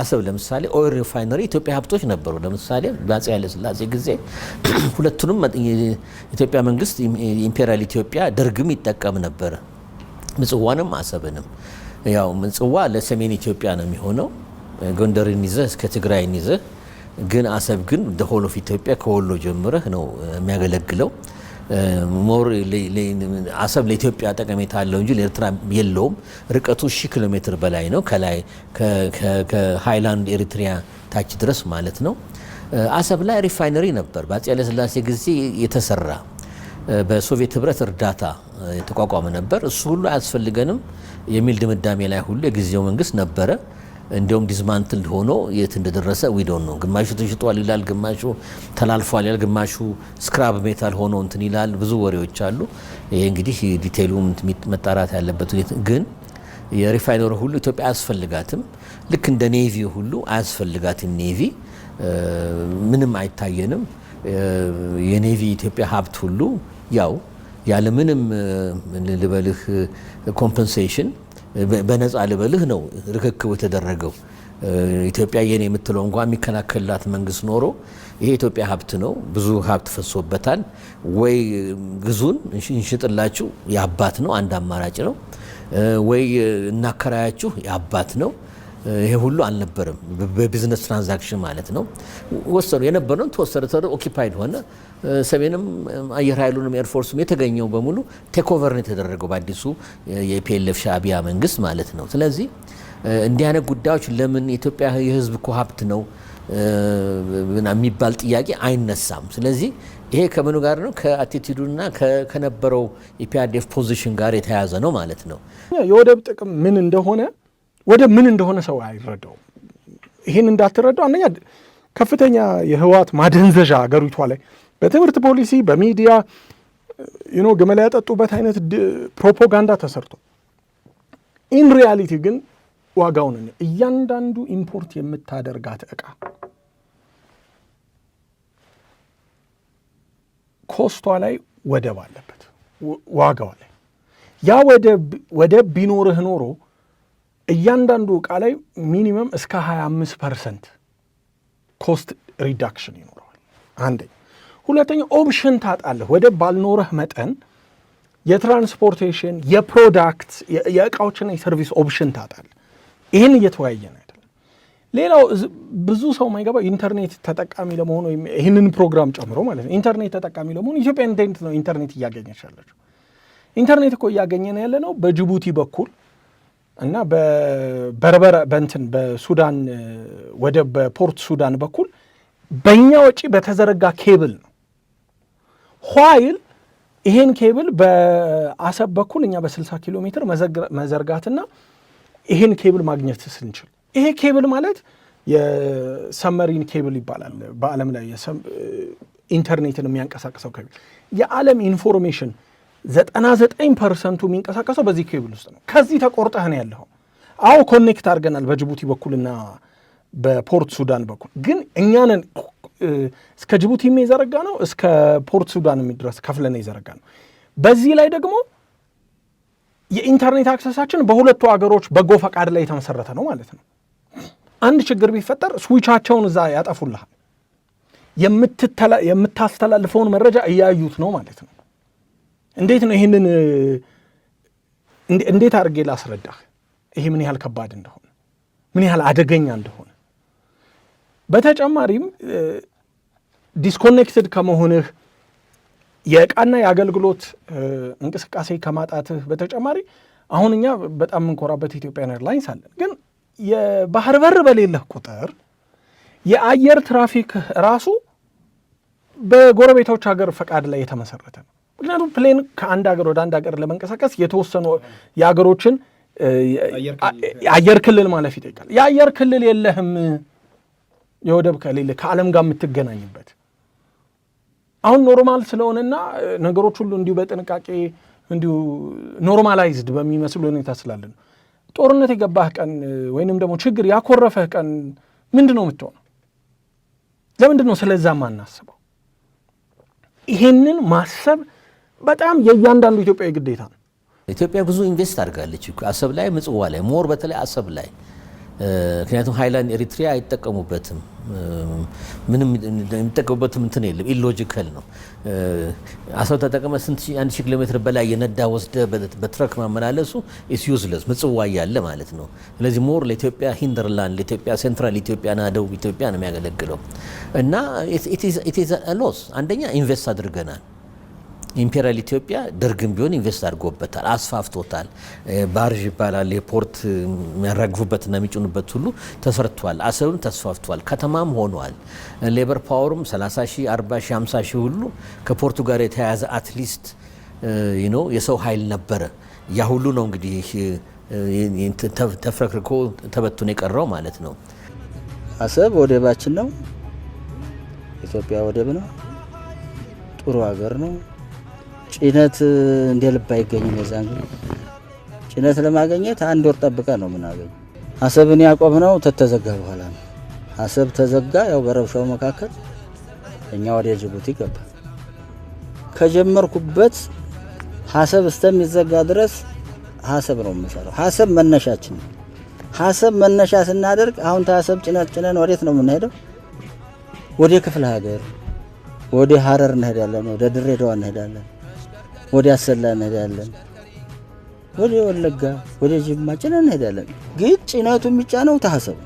አሰብ ለምሳሌ ኦይል ሪፋይነሪ ኢትዮጵያ ሀብቶች ነበሩ። ለምሳሌ በአጼ ኃይለ ሥላሴ ጊዜ ሁለቱንም ኢትዮጵያ መንግስት ኢምፔሪያል ኢትዮጵያ ደርግም ይጠቀም ነበረ፣ ምጽዋንም አሰብንም። ያው ምጽዋ ለሰሜን ኢትዮጵያ ነው የሚሆነው ጎንደርን ይዘህ እስከ ትግራይን ይዘህ ግን አሰብ ግን ደሆሎፍ ኢትዮጵያ ከወሎ ጀምረህ ነው የሚያገለግለው። ሞር አሰብ ለኢትዮጵያ ጠቀሜታ አለው እንጂ ለኤርትራ የለውም። ርቀቱ ሺህ ኪሎ ሜትር በላይ ነው። ከላይ ከሃይላንድ ኤሪትሪያ ታች ድረስ ማለት ነው። አሰብ ላይ ሪፋይነሪ ነበር በአፄ ኃይለሥላሴ ጊዜ የተሰራ በሶቪየት ህብረት እርዳታ የተቋቋመ ነበር። እሱ ሁሉ አያስፈልገንም የሚል ድምዳሜ ላይ ሁሉ የጊዜው መንግስት ነበረ። እንዲሁም ዲስማንትልድ ሆኖ የት እንደደረሰ ዊዶን ነው። ግማሹ ተሽጧል ይላል፣ ግማሹ ተላልፏል ይላል፣ ግማሹ ስክራብ ሜታል ሆኖ እንትን ይላል። ብዙ ወሬዎች አሉ። ይሄ እንግዲህ ዲቴይሉ መጣራት ያለበት ግን የሪፋይነሩ ሁሉ ኢትዮጵያ አያስፈልጋትም። ልክ እንደ ኔቪ ሁሉ አያስፈልጋትም። ኔቪ ምንም አይታየንም። የኔቪ ኢትዮጵያ ሀብት ሁሉ ያው ያለምንም ልበልህ ኮምፐንሴሽን በነፃ ልበልህ ነው ርክክቡ የተደረገው። ኢትዮጵያ የኔ የምትለው እንኳ የሚከላከልላት መንግስት ኖሮ ይሄ የኢትዮጵያ ሀብት ነው፣ ብዙ ሀብት ፈሶበታል፣ ወይ ግዙን እንሽጥላችሁ የአባት ነው፣ አንድ አማራጭ ነው፣ ወይ እናከራያችሁ የአባት ነው ይሄ ሁሉ አልነበረም። በቢዝነስ ትራንዛክሽን ማለት ነው። ወሰኑ የነበረውን ተወሰደ፣ ኦኪፓይድ ሆነ። ሰሜንም አየር ኃይሉንም ኤርፎርስም የተገኘው በሙሉ ቴክኦቨር ነው የተደረገው በአዲሱ የፒኤልኤፍ ሻዕቢያ መንግስት ማለት ነው። ስለዚህ እንዲህ አይነት ጉዳዮች ለምን የኢትዮጵያ የህዝብ እኮ ሀብት ነው የሚባል ጥያቄ አይነሳም። ስለዚህ ይሄ ከምኑ ጋር ነው? ከአቲቲዩዱና ከነበረው ኢፒአዴፍ ፖዚሽን ጋር የተያያዘ ነው ማለት ነው። የወደብ ጥቅም ምን እንደሆነ ወደ ምን እንደሆነ ሰው አይረዳው ይህን እንዳትረዳው አንደኛ ከፍተኛ የህወሓት ማደንዘዣ አገሪቷ ላይ በትምህርት ፖሊሲ፣ በሚዲያ ዩኖ ግመላ ያጠጡበት አይነት ፕሮፓጋንዳ ተሰርቶ ኢን ሪያሊቲ ግን ዋጋውን እያንዳንዱ ኢምፖርት የምታደርጋት እቃ ኮስቷ ላይ ወደብ አለበት፣ ዋጋው ላይ ያ ወደብ ቢኖርህ ኖሮ እያንዳንዱ እቃ ላይ ሚኒመም እስከ 25 ፐርሰንት ኮስት ሪዳክሽን ይኖረዋል። አንደኛ። ሁለተኛ ኦፕሽን ታጣለህ። ወደ ባልኖረህ መጠን የትራንስፖርቴሽን የፕሮዳክት የእቃዎችና የሰርቪስ ኦፕሽን ታጣለህ። ይህን እየተወያየን አይደለም። ሌላው ብዙ ሰው ማይገባው ኢንተርኔት ተጠቃሚ ለመሆን ወይም ይህንን ፕሮግራም ጨምሮ ማለት ነው ኢንተርኔት ተጠቃሚ ለመሆን ኢትዮጵያ ኢንተርኔት ነው ኢንተርኔት እያገኘች ያለችው። ኢንተርኔት እኮ እያገኘን ያለ ነው በጅቡቲ በኩል እና በበርበረ በንትን በሱዳን ወደ በፖርት ሱዳን በኩል በእኛ ወጪ በተዘረጋ ኬብል ነው ኋይል ይሄን ኬብል በአሰብ በኩል እኛ በ60 ኪሎ ሜትር መዘርጋትና ይሄን ኬብል ማግኘት ስንችል ይሄ ኬብል ማለት የሰመሪን ኬብል ይባላል። በዓለም ላይ ኢንተርኔትን የሚያንቀሳቅሰው ኬብል የዓለም ኢንፎርሜሽን ዘጠና ዘጠኝ ፐርሰንቱ የሚንቀሳቀሰው በዚህ ኬብል ውስጥ ነው። ከዚህ ተቆርጠህ ነው ያለው። አዎ ኮኔክት አድርገናል በጅቡቲ በኩልና በፖርት ሱዳን በኩል ግን እኛንን እስከ ጅቡቲ የዘረጋ ነው እስከ ፖርት ሱዳን የሚድረስ ከፍለን የዘረጋ ነው። በዚህ ላይ ደግሞ የኢንተርኔት አክሰሳችን በሁለቱ አገሮች በጎ ፈቃድ ላይ የተመሰረተ ነው ማለት ነው። አንድ ችግር ቢፈጠር ስዊቻቸውን እዛ ያጠፉልሃል። የምታስተላልፈውን መረጃ እያዩት ነው ማለት ነው። እንዴት ነው ይህንን እንዴት አድርጌ ላስረዳህ? ይሄ ምን ያህል ከባድ እንደሆነ ምን ያህል አደገኛ እንደሆነ በተጨማሪም ዲስኮኔክትድ ከመሆንህ የእቃና የአገልግሎት እንቅስቃሴ ከማጣትህ በተጨማሪ አሁን እኛ በጣም የምንኮራበት ኢትዮጵያን ኤርላይንስ አለን። ግን የባህር በር በሌለህ ቁጥር የአየር ትራፊክ ራሱ በጎረቤቶች ሀገር ፈቃድ ላይ የተመሰረተ ነው። ምክንያቱም ፕሌን ከአንድ ሀገር ወደ አንድ ሀገር ለመንቀሳቀስ የተወሰኑ የሀገሮችን የአየር ክልል ማለፍ ይጠይቃል። የአየር ክልል የለህም የወደብ ከሌለ ከዓለም ጋር የምትገናኝበት አሁን ኖርማል ስለሆነና ነገሮች ሁሉ እንዲሁ በጥንቃቄ እንዲሁ ኖርማላይዝድ በሚመስል ሁኔታ ስላለ ነው። ጦርነት የገባህ ቀን ወይንም ደግሞ ችግር ያኮረፈህ ቀን ምንድን ነው የምትሆነው? ለምንድን ነው ስለዛ ማናስበው? ይሄንን ማሰብ በጣም የእያንዳንዱ ኢትዮጵያዊ ግዴታ ነው። ኢትዮጵያ ብዙ ኢንቨስት አድርጋለች አሰብ ላይ፣ ምጽዋ ላይ ሞር በተለይ አሰብ ላይ ምክንያቱም ሀይላንድ ኤሪትሪያ አይጠቀሙበትም። ምንም የሚጠቀሙበትም እንትን የለም። ኢሎጂካል ነው። አሰብ ተጠቅመ ስንት አንድ ሺህ ኪሎ ሜትር በላይ የነዳ ወስደ በትረክ ማመላለሱ ኢስ ዩዝለስ ምጽዋ እያለ ማለት ነው። ስለዚህ ሞር ለኢትዮጵያ ሂንደርላንድ ለኢትዮጵያ ሴንትራል ኢትዮጵያና ደቡብ ኢትዮጵያ ነው የሚያገለግለው እና ኢት ኢዝ ሎስ አንደኛ ኢንቨስት አድርገናል ኢምፔሪያል ኢትዮጵያ ደርግም ቢሆን ኢንቨስት አድርጎበታል፣ አስፋፍቶታል። ባርዥ ይባላል የፖርት የሚያራግፉበትና የሚጭኑበት ሁሉ ተሰርቷል። አሰብም ተስፋፍቷል፣ ከተማም ሆኗል። ሌበር ፓወርም 30 ሺ 40 ሺ 50 ሁሉ ከፖርቱ ጋር የተያያዘ አትሊስት ነው የሰው ኃይል ነበረ። ያ ሁሉ ነው እንግዲህ ተፍረክርኮ ተበትኖ የቀረው ማለት ነው። አሰብ ወደባችን ነው። ኢትዮጵያ ወደብ ነው። ጥሩ ሀገር ነው። ጭነት እንደ ልብ አይገኝም። የዛን ጊዜ ጭነት ለማገኘት አንድ ወር ጠብቀ ነው ምናገኝ። አሰብን ያቆብ ነው ተተዘጋ በኋላ ነው። አሰብ ተዘጋ። ያው በረብሻው መካከል እኛ ወደ ጅቡቲ ገባ። ከጀመርኩበት ሀሰብ እስከሚዘጋ ድረስ ሀሰብ ነው የምንሰራው። ሀሰብ መነሻችን ነው። ሀሰብ መነሻ ስናደርግ አሁን ታሰብ ጭነት ጭነን ወዴት ነው የምንሄደው? ወደ ክፍለ ሀገር፣ ወደ ሀረር እንሄዳለን፣ ወደ ድሬዳዋ እንሄዳለን። ወደ አሰላ እንሄዳለን፣ ወደ ወለጋ፣ ወደ ጅማ ጭነን እንሄዳለን። ግን ጭነቱ የሚጫነው ታሰቡ